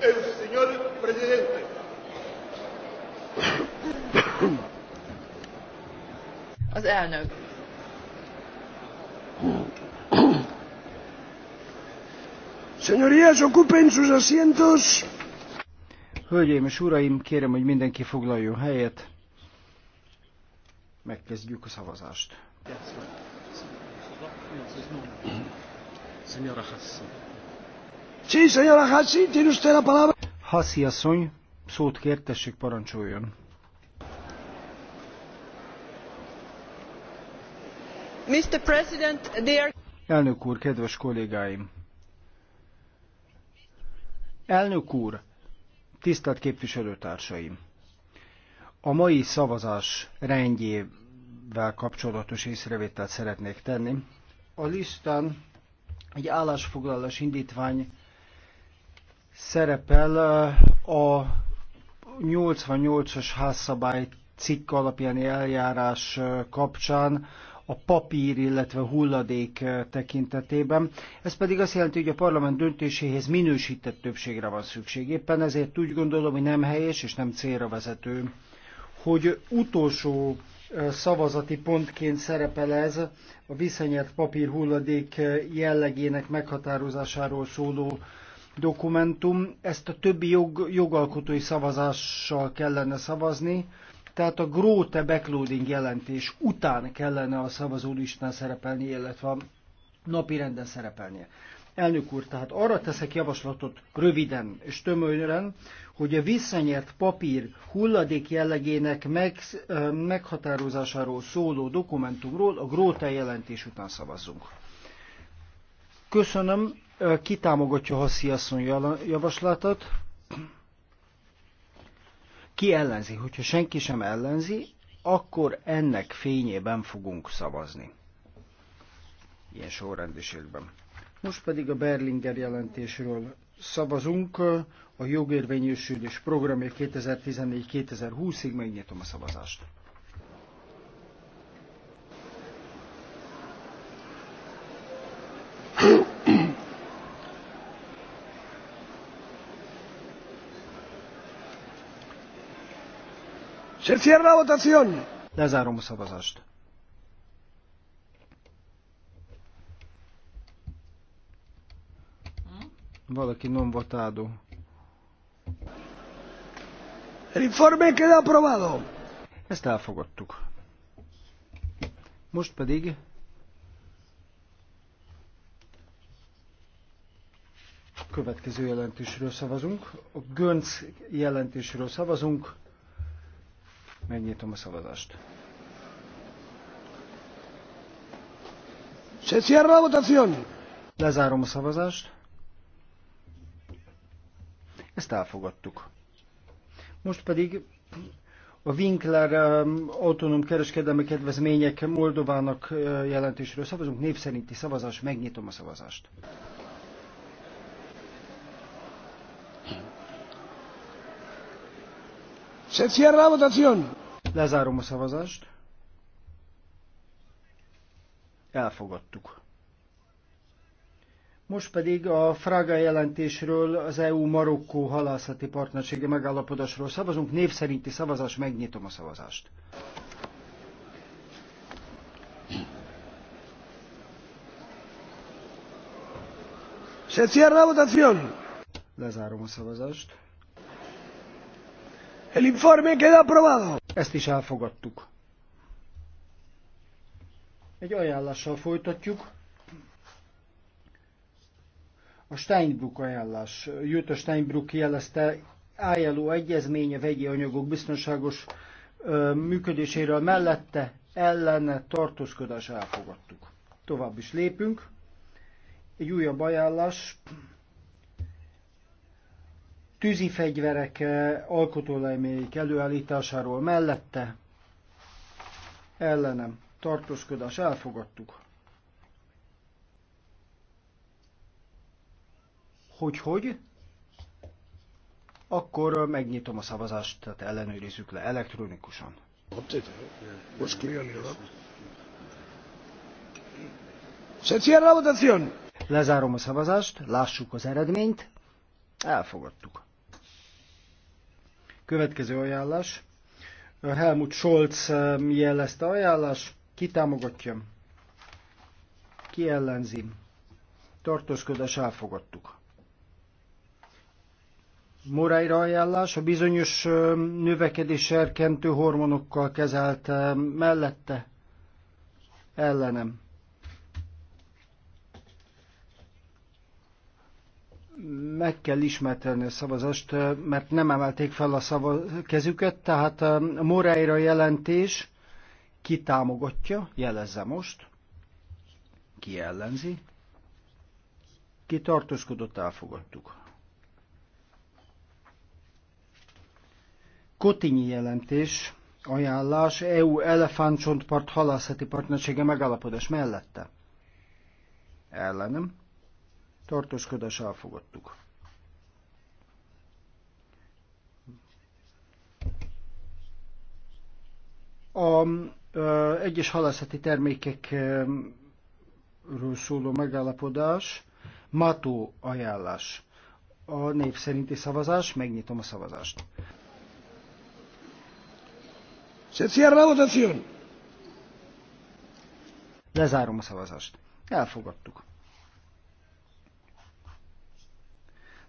El señor presidente. Az elnök. Señorías, ocupen sus asientos. Hölgyeim és uraim, kérem, hogy mindenki foglaljon helyet. Megkezdjük a szavazást. Señora Sí, señora Hassi, tiene usted la palabra. Hassi asszony, szót kért, tessék parancsoljon. Mr. President, dear... Elnök úr, kedves kollégáim! Elnök úr, tisztelt képviselőtársaim! A mai szavazás rendjével kapcsolatos észrevételt szeretnék tenni. A listán egy állásfoglalás indítvány szerepel a 88-as házszabály cikk alapjáni eljárás kapcsán a papír, illetve hulladék tekintetében. Ez pedig azt jelenti, hogy a parlament döntéséhez minősített többségre van szükség. Éppen ezért úgy gondolom, hogy nem helyes és nem célra vezető, hogy utolsó szavazati pontként szerepel ez a visszanyert papír hulladék jellegének meghatározásáról szóló dokumentum, ezt a többi jog, jogalkotói szavazással kellene szavazni, tehát a Gróte backloading jelentés után kellene a szavazólistán szerepelni, illetve a napi renden szerepelnie. Elnök úr, tehát arra teszek javaslatot röviden és tömören, hogy a visszanyert papír hulladék jellegének meg, meghatározásáról szóló dokumentumról a Gróta jelentés után szavazzunk. Köszönöm, ki támogatja Hassi asszony javaslatot? Ki ellenzi? Hogyha senki sem ellenzi, akkor ennek fényében fogunk szavazni. Ilyen sorrendiségben. Most pedig a Berlinger jelentésről szavazunk. A jogérvényűsülés programja 2014-2020-ig megnyitom a szavazást. Se cierra la votación. Lezárom a szavazást. Valaki non votado. El informe queda aprobado. Ezt elfogadtuk. Most pedig következő jelentésről szavazunk. A Gönc jelentésről szavazunk. Megnyitom a szavazást. Se cierra la votación. Lezárom a szavazást. Ezt elfogadtuk. Most pedig a Winkler um, autonóm kereskedelmi kedvezmények Moldovának uh, jelentésről szavazunk. Név szerinti szavazás. Megnyitom a szavazást. Se cierra la votación. Lezárom a szavazást. Elfogadtuk. Most pedig a Fraga jelentésről az EU-Marokkó halászati partnersége megállapodásról szavazunk. Név szerinti szavazás, megnyitom a szavazást. Se cierra la votación. Lezárom a szavazást. El informe queda aprobado. Ezt is elfogadtuk. Egy ajánlással folytatjuk. A Steinbrück ajánlás. Jött a Steinbrück jelezte ILO egyezménye vegyi anyagok biztonságos ö, működéséről mellette ellene tartózkodás elfogadtuk. Tovább is lépünk. Egy újabb ajánlás tűzifegyverek eh, alkotólemélyik előállításáról mellette ellenem tartózkodás elfogadtuk. Hogy hogy? Akkor eh, megnyitom a szavazást, tehát ellenőrizzük le elektronikusan. Lezárom a szavazást, lássuk az eredményt. Elfogadtuk. Következő ajánlás. Helmut Scholz eh, jelezte ajánlás. Ki támogatja? Ki ellenzi? Tartózkodás elfogadtuk. Moraira ajánlás a bizonyos eh, növekedés serkentő hormonokkal kezelt eh, mellette ellenem meg kell ismertelni a szavazást, mert nem emelték fel a szava kezüket, tehát um, a Moreira jelentés ki támogatja, jelezze most, ki ellenzi, ki tartózkodott, elfogadtuk. Kotinyi jelentés, ajánlás, EU elefántcsontpart halászati partnersége megállapodás mellette. Ellenem tartózkodás elfogadtuk. A ö, egyes halászati termékekről szóló megállapodás, mató ajánlás. A nép szerinti szavazás, megnyitom a szavazást. Se Lezárom a szavazást. Elfogadtuk.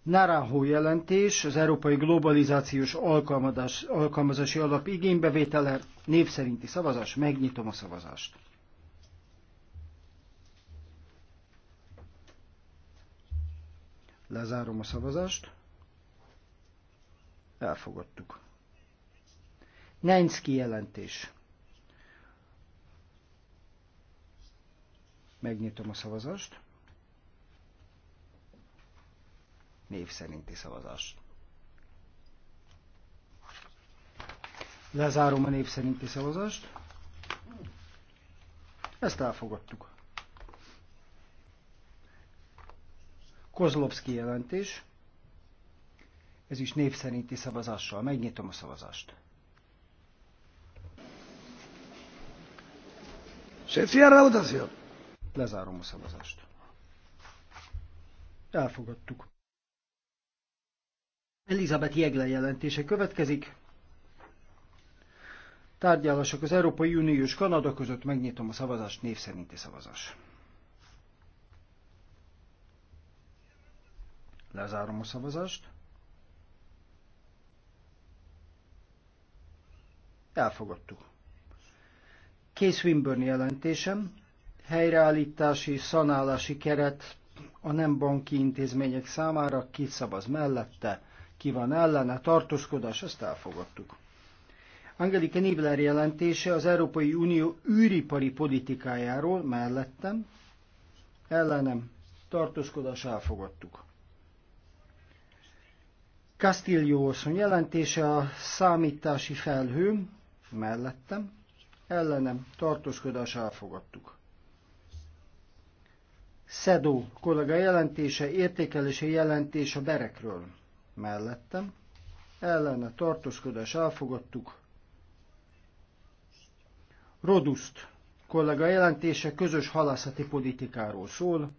Naráhó jelentés, az Európai Globalizációs Alkalmazás, Alkalmazási Alap igénybevétele, név szerinti szavazás, megnyitom a szavazást. Lezárom a szavazást. Elfogadtuk. Nenszki jelentés. Megnyitom a szavazást. név szerinti szavazás. Lezárom a név szerinti szavazást. Ezt elfogadtuk. Kozlovszki jelentés. Ez is név szerinti szavazással. Megnyitom a szavazást. Se cierra Lezárom a szavazást. Elfogadtuk. Elizabeth Jegle jelentése következik. Tárgyalások az Európai Unió és Kanada között megnyitom a szavazást, név szerinti szavazás. Lezárom a szavazást. Elfogadtuk. Case Wimburn jelentésem, helyreállítási, szanálási keret a nem banki intézmények számára, ki szavaz mellette, ki van ellene, tartózkodás, ezt elfogadtuk. Angelika Nibler jelentése az Európai Unió űripari politikájáról mellettem, ellenem, tartózkodás, elfogadtuk. Castillo asszony jelentése a számítási felhő mellettem, ellenem, tartózkodás, elfogadtuk. Szedó kollega jelentése, értékelési jelentése a berekről mellettem, ellene tartózkodás elfogadtuk. Roduszt kollega jelentése közös halászati politikáról szól.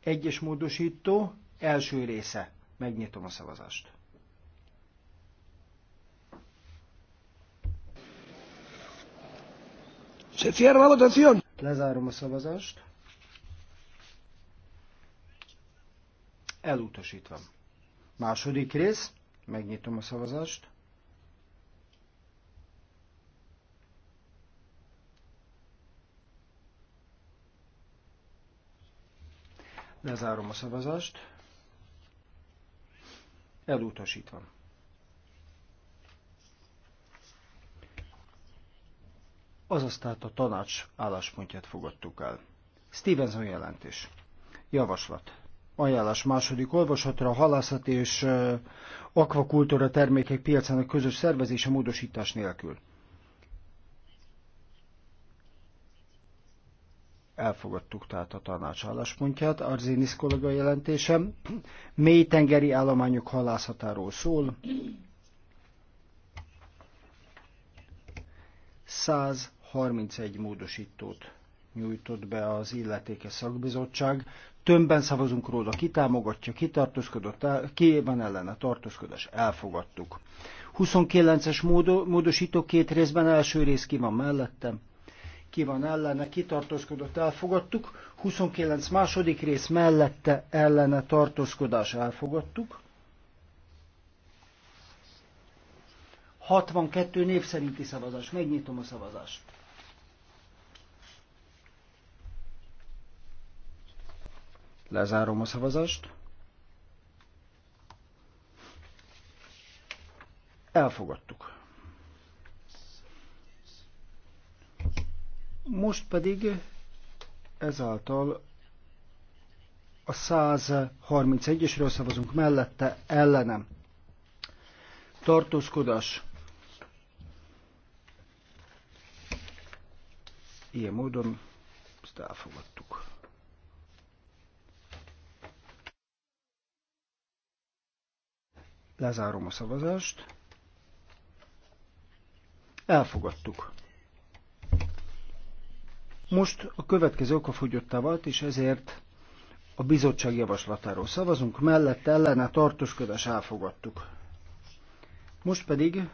Egyes módosító, első része. Megnyitom a szavazást. Se cierra la votación. Lezárom a szavazást. Elutasítva. Második rész. Megnyitom a szavazást. Lezárom a szavazást. Elutasítva. Azaz tehát a tanács álláspontját fogadtuk el. Stevenson jelentés. Javaslat ajánlás második olvasatra a halászat és akvakultúra termékek piacának közös szervezése módosítás nélkül. Elfogadtuk tehát a tanács álláspontját. Arzénisz kollega jelentésem mély tengeri állományok halászatáról szól. 131 módosítót nyújtott be az illetékes szakbizottság. Tömbben szavazunk róla, ki támogatja, ki tartózkodott, ki van ellene tartózkodás, elfogadtuk. 29-es módosító két részben, első rész ki van mellettem, ki van ellene, kitartózkodott, elfogadtuk. 29 második rész mellette ellene tartózkodás elfogadtuk. 62 név szerinti szavazás. Megnyitom a szavazást. Lezárom a szavazást. Elfogadtuk. Most pedig ezáltal a 131-esről szavazunk mellette ellenem. Tartózkodás. Ilyen módon ezt elfogadtuk. Lezárom a szavazást. Elfogadtuk. Most a következő okafogyottá vált, és ezért a bizottság javaslatáról szavazunk, mellette ellene tartózkodás elfogadtuk. Most pedig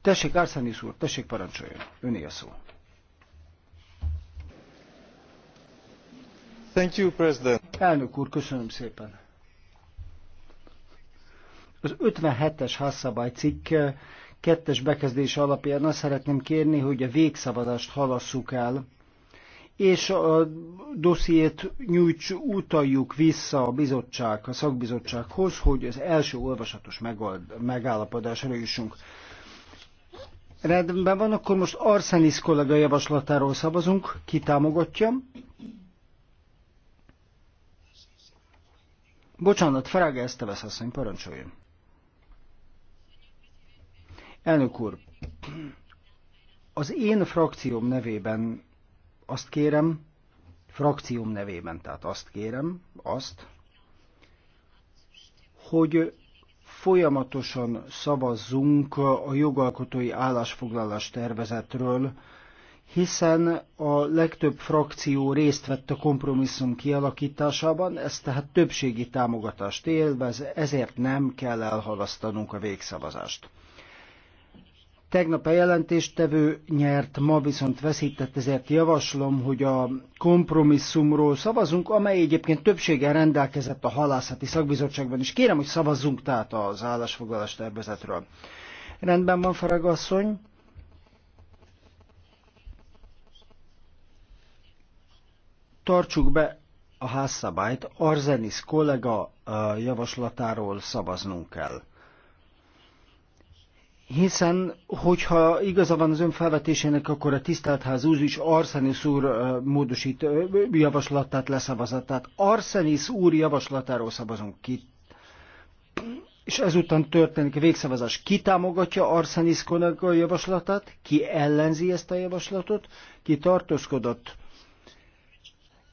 tessék Árszányi úr, tessék parancsoljon, öné a szó. Thank you, President. Elnök úr, köszönöm szépen. Az 57-es házszabály cikk kettes bekezdése alapján azt szeretném kérni, hogy a végszavazást halasszuk el, és a dossziét nyújts, utaljuk vissza a bizottság, a szakbizottsághoz, hogy az első olvasatos megállapodásra jussunk. Rendben van, akkor most Arsenis kollega javaslatáról szavazunk. Ki támogatja? Bocsánat, Fraga Esztevesz asszony, parancsoljon. Elnök úr, az én frakcióm nevében azt kérem, frakcióm nevében, tehát azt kérem, azt, hogy folyamatosan szavazzunk a jogalkotói állásfoglalás tervezetről, hiszen a legtöbb frakció részt vett a kompromisszum kialakításában, ez tehát többségi támogatást élvez, ezért nem kell elhalasztanunk a végszavazást. Tegnap a jelentéstevő nyert, ma viszont veszített, ezért javaslom, hogy a kompromisszumról szavazunk, amely egyébként többséggel rendelkezett a halászati szakbizottságban, is. kérem, hogy szavazzunk tehát az állásfoglalás tervezetről. Rendben van, Farag asszony. Tartsuk be a házszabályt, Arzenis kollega javaslatáról szavaznunk kell hiszen hogyha igaza van az ön felvetésének, akkor a tisztelt ház úr is Arsenis úr módosít javaslatát leszavazat. Tehát Arsenis úr javaslatáról szavazunk ki. És ezután történik a végszavazás. Ki támogatja Arsenis kollega javaslatát? Ki ellenzi ezt a javaslatot? Ki tartózkodott?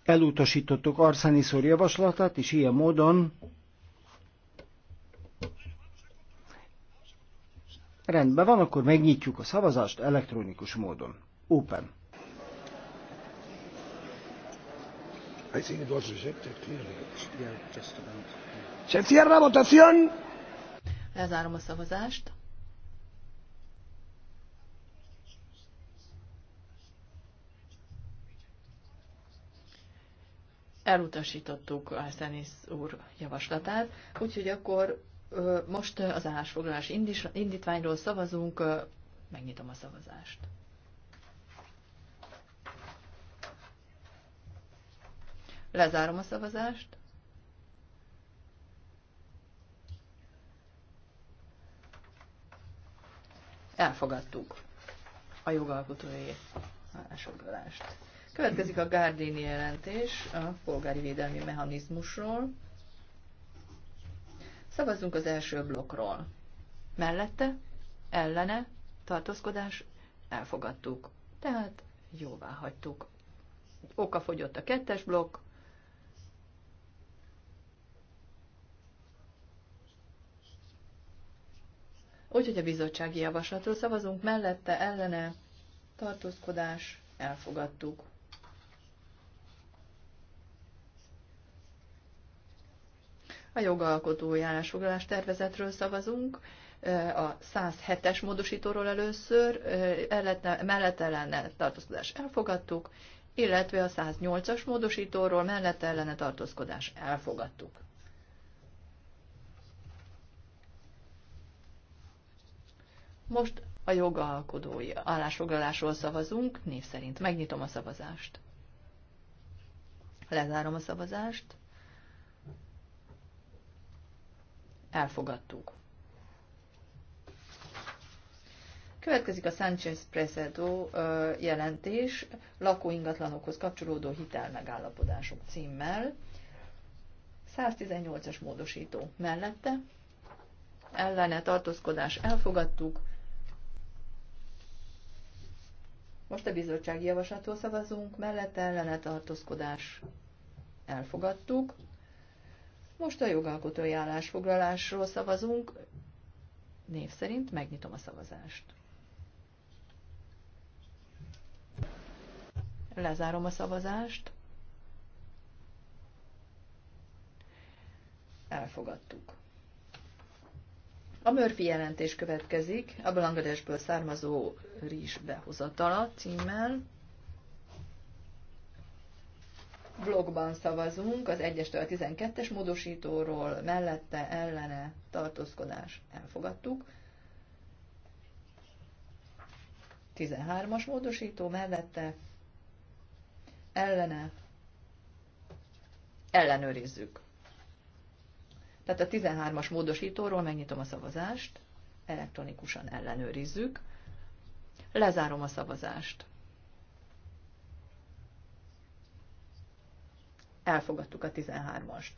Elutasítottuk Arsenis úr javaslatát, és ilyen módon Rendben van, akkor megnyitjuk a szavazást elektronikus módon. Open. I think it was rejected clearly. Yeah, just about. Se cierra votación. Lezárom a szavazást. Elutasítottuk Arsenis úr javaslatát, úgyhogy akkor most az állásfoglalás indítványról szavazunk, megnyitom a szavazást. Lezárom a szavazást. Elfogadtuk a jogalkotói állásfoglalást. Következik a Gárdéni jelentés a polgári védelmi mechanizmusról. Szavazzunk az első blokkról. Mellette, ellene, tartózkodás, elfogadtuk. Tehát jóvá hagytuk. Oka fogyott a kettes blokk. Úgyhogy a bizottsági javaslatról szavazunk mellette, ellene, tartózkodás, elfogadtuk. A jogalkotói állásfoglalás tervezetről szavazunk, a 107-es módosítóról először, mellette ellene tartózkodás elfogadtuk, illetve a 108-as módosítóról mellette ellene tartózkodás elfogadtuk. Most a jogalkodói állásfoglalásról szavazunk, név szerint megnyitom a szavazást. Lezárom a szavazást. Elfogadtuk. Következik a Sanchez Presedo jelentés lakóingatlanokhoz kapcsolódó hitelmegállapodások címmel. 118-as módosító mellette. Ellene tartózkodás elfogadtuk. Most a bizottsági javaslatról szavazunk, mellette ellene tartózkodás elfogadtuk. Most a jogalkotói állásfoglalásról szavazunk. Név szerint megnyitom a szavazást. Lezárom a szavazást. Elfogadtuk. A Murphy jelentés következik, a Bangladesből származó rizs behozatala címmel blogban szavazunk az 1-től a 12-es módosítóról, mellette, ellene, tartózkodás, elfogadtuk. 13-as módosító, mellette, ellene, ellenőrizzük. Tehát a 13-as módosítóról megnyitom a szavazást, elektronikusan ellenőrizzük, lezárom a szavazást. Elfogadtuk a 13-ast.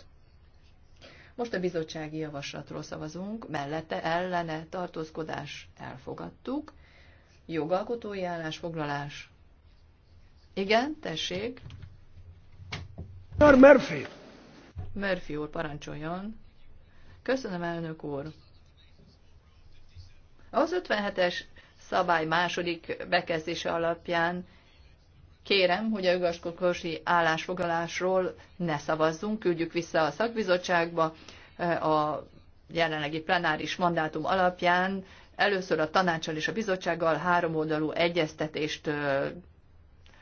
Most a bizottsági javaslatról szavazunk, mellette ellene tartózkodás elfogadtuk, jogalkotói állásfoglalás. Igen, tessék. Murphy. Murphy úr, parancsoljon. Köszönöm, elnök úr. Az 57-es szabály második bekezdése alapján kérem, hogy a jogaskokosi állásfoglalásról ne szavazzunk, küldjük vissza a szakbizottságba a jelenlegi plenáris mandátum alapján. Először a tanácsal és a bizottsággal háromoldalú egyeztetést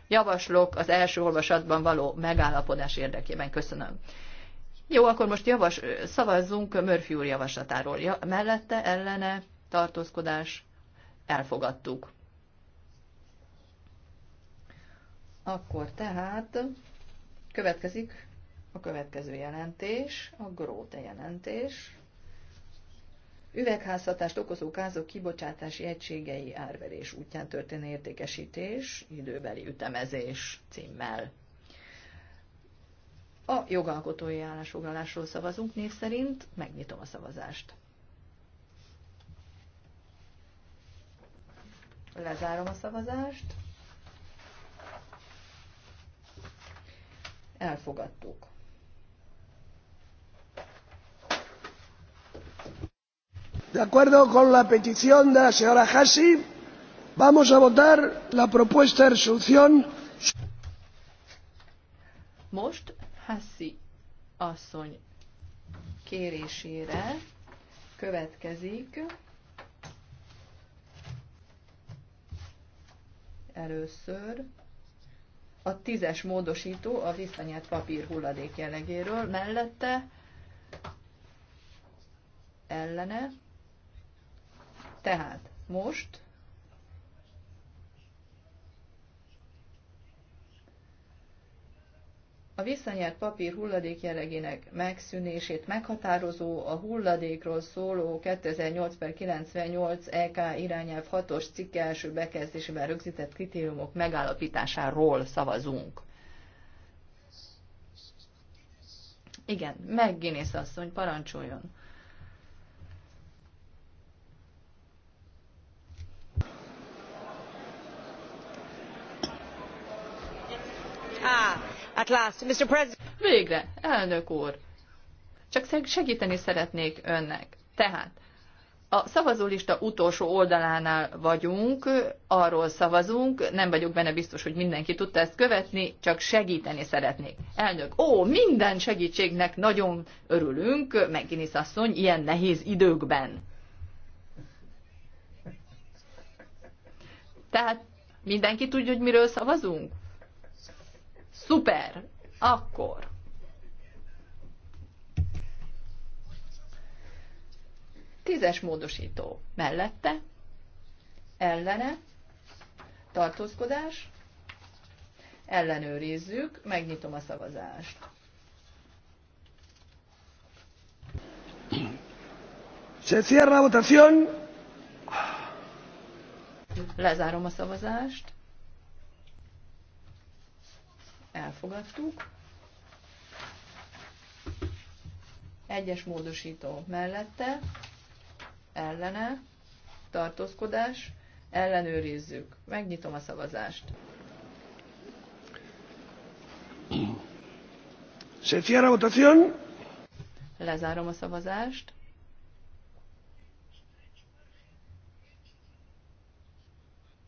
javaslok az első olvasatban való megállapodás érdekében. Köszönöm. Jó, akkor most javas, szavazzunk Murphy úr javaslatáról. Ja, mellette, ellene, tartózkodás, elfogadtuk. Akkor tehát következik a következő jelentés, a Gróte jelentés. Üvegházhatást okozó gázok kibocsátási egységei árverés útján történő értékesítés, időbeli ütemezés címmel. A jogalkotói állásfoglalásról szavazunk név szerint, megnyitom a szavazást. Lezárom a szavazást. elfogadtuk. De acuerdo con la petición de la señora Hassi, vamos a votar la propuesta de resolución. Most Hassi asszony kérésére következik először a tízes módosító a visszanyert papír hulladék jellegéről, mellette ellene, tehát most a visszanyert papír hulladék jellegének megszűnését meghatározó a hulladékról szóló 2008 per 98 EK irányelv 6-os cikke első bekezdésében rögzített kritériumok megállapításáról szavazunk. Igen, megginész asszony, parancsoljon. Ah. At last, Mr. President. Végre, elnök úr. Csak segíteni szeretnék önnek. Tehát, a szavazólista utolsó oldalánál vagyunk, arról szavazunk, nem vagyok benne biztos, hogy mindenki tudta ezt követni, csak segíteni szeretnék. Elnök, ó, minden segítségnek nagyon örülünk, Megginis asszony, ilyen nehéz időkben. Tehát mindenki tudja, hogy miről szavazunk? Szuper! Akkor. Tízes módosító. Mellette. Ellene. Tartózkodás. Ellenőrizzük. Megnyitom a szavazást. Se cierra la votación. Lezárom a szavazást elfogadtuk. Egyes módosító mellette, ellene, tartózkodás, ellenőrizzük. Megnyitom a szavazást. Se cierra votación. Lezárom a szavazást.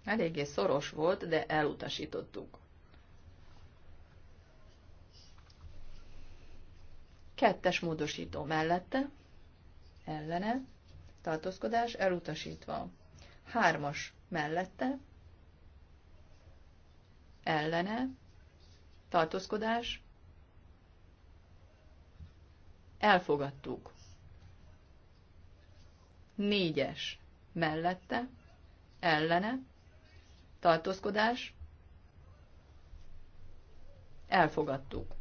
Eléggé szoros volt, de elutasítottuk. Kettes módosító mellette, ellene, tartózkodás elutasítva. Hármas mellette, ellene, tartózkodás, elfogadtuk. Négyes mellette, ellene, tartózkodás, elfogadtuk.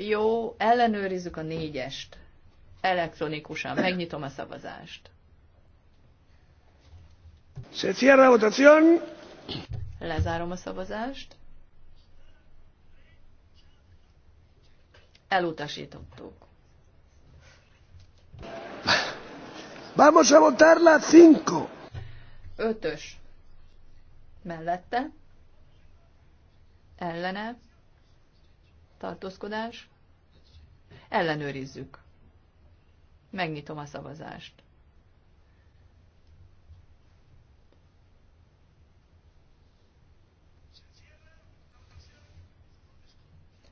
Jó, ellenőrizzük a négyest. Elektronikusan megnyitom a szavazást. Se cierra a votación. Lezárom a szavazást. Elutasítottuk. Vamos a votar la cinco. Ötös. Mellette. Ellene tartózkodás, ellenőrizzük. Megnyitom a szavazást.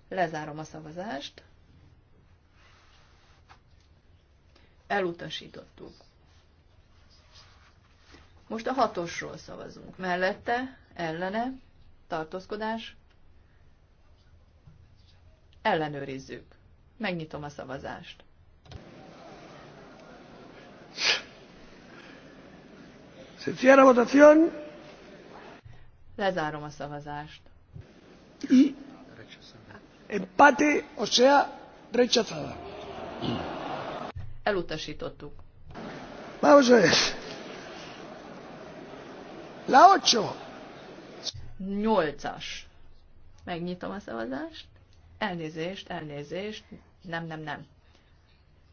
Lezárom a szavazást. Elutasítottuk. Most a hatosról szavazunk. Mellette, ellene, tartózkodás, ellenőrizzük. Megnyitom a szavazást. Se cierra votación. Lezárom a szavazást. I. empate, o sea, rechazada. Elutasítottuk. Vamos a ver. La ocho. Nyolcas. Megnyitom a szavazást. Elnézést, elnézést, nem, nem, nem.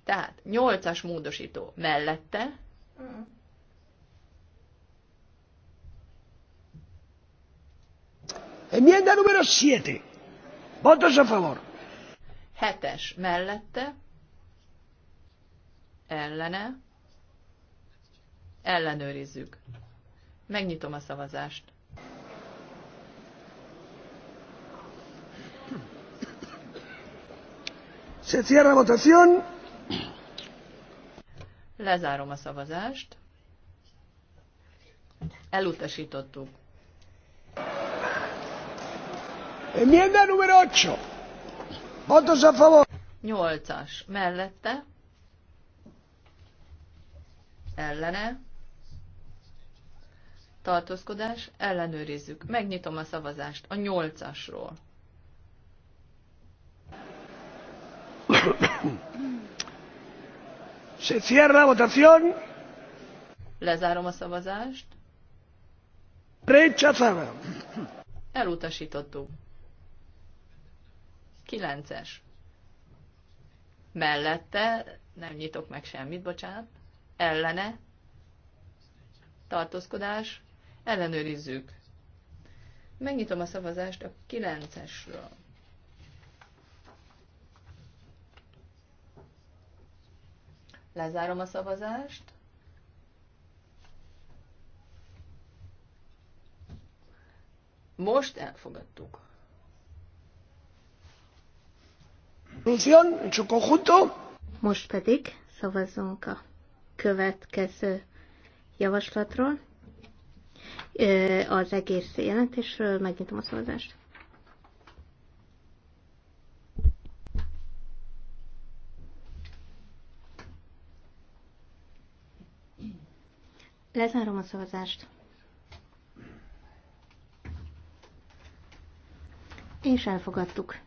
Tehát 8-as módosító mellette. Enmienda numero 7. Votos a favor. 7-es mellette. Ellene. Ellenőrizzük. Megnyitom a szavazást. Se cierra votación. Lezárom a szavazást. Elutasítottuk. Enmienda numero 8. Votos a favor. 8-as mellette. Ellene. Tartózkodás. Ellenőrizzük. Megnyitom a szavazást a 8-asról. Se cierra la votación. Lezárom a szavazást. Rechazada. Elutasítottuk. Kilences. Mellette, nem nyitok meg semmit, bocsánat. Ellene. Tartózkodás. Ellenőrizzük. Megnyitom a szavazást a 9-esről. Lezárom a szavazást. Most elfogadtuk. Most pedig szavazzunk a következő javaslatról, az egész jelentésről. Megnyitom a szavazást. Lezárom a szavazást. És elfogadtuk.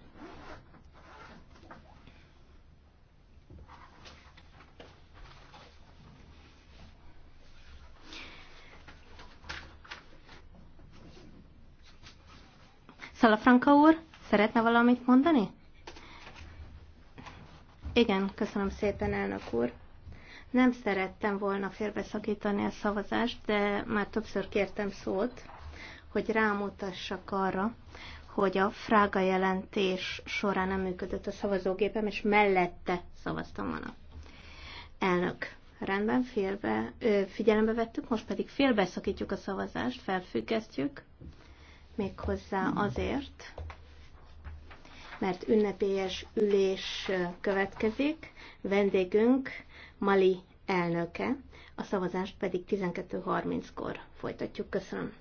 Szalafranka úr, szeretne valamit mondani? Igen, köszönöm szépen, elnök úr. Nem szerettem volna félbeszakítani a szavazást, de már többször kértem szót, hogy rámutassak arra, hogy a frága jelentés során nem működött a szavazógépem, és mellette szavaztam volna. Elnök, rendben, félbe, ö, figyelembe vettük, most pedig félbeszakítjuk a szavazást, felfüggesztjük, méghozzá azért, mert ünnepélyes ülés következik, vendégünk Mali elnöke, a szavazást pedig 12.30-kor folytatjuk. Köszönöm.